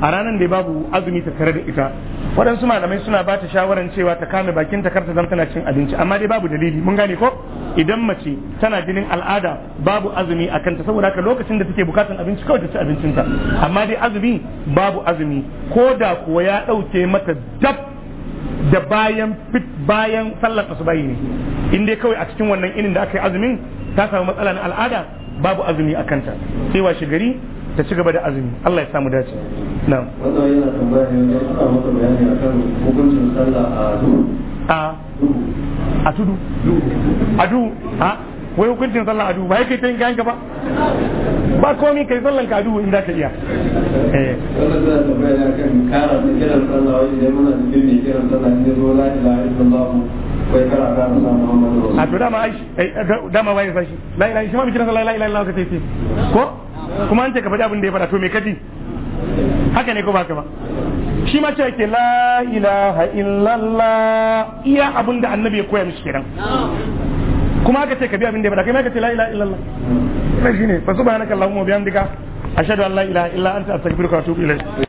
a ranar da babu azumi ta tare da ita waɗansu malamai suna ba ta shawaran cewa ta kame bakin ta karta zama tana cin abinci amma dai babu dalili mun gane ko idan mace tana jinin al'ada babu azumi a kanta saboda haka lokacin da take bukatan abinci kawai ta ci abincinta amma dai azumi babu azumi ko da kuwa ya ɗauke mata dab da bayan fit bayan sallar asubahi ne in dai kawai a cikin wannan inin da aka yi azumin ta samu matsala na al'ada babu azumi a kanta sai washe gari ta ci gaba da azumi Allah ya samu dace na'am wannan yana tambaya ne don ana masa bayani akan hukuncin sallah a duhu a a tudu a duhu a wai hukuncin sallah a duhu ba yake ta yin kayan ba ba komi kai sallan ka duhu inda ka iya eh wannan da tambaya ne akan kara da kiran sallah wai idan muna cikin ne kiran sallah ne zo la ilaha illallah kai kara ka sa muhammadu a to dama ai dama bai sashi la ilaha shi ma bi kiran sallah la ilaha illallah ka tafi ko kuma an ce ka faɗi abin da ya faɗa to me kaji haka ne ko ba ba shi ma ce la ilaha illallah iya abin da annabi ya koya mishi kenan kuma aka ce ka bi abin da ya faɗa kai ma ka ce la ilaha illallah shi ne fa subhanaka allahumma bihamdika ashhadu an la ilaha illa anta astaghfiruka wa atubu ilayk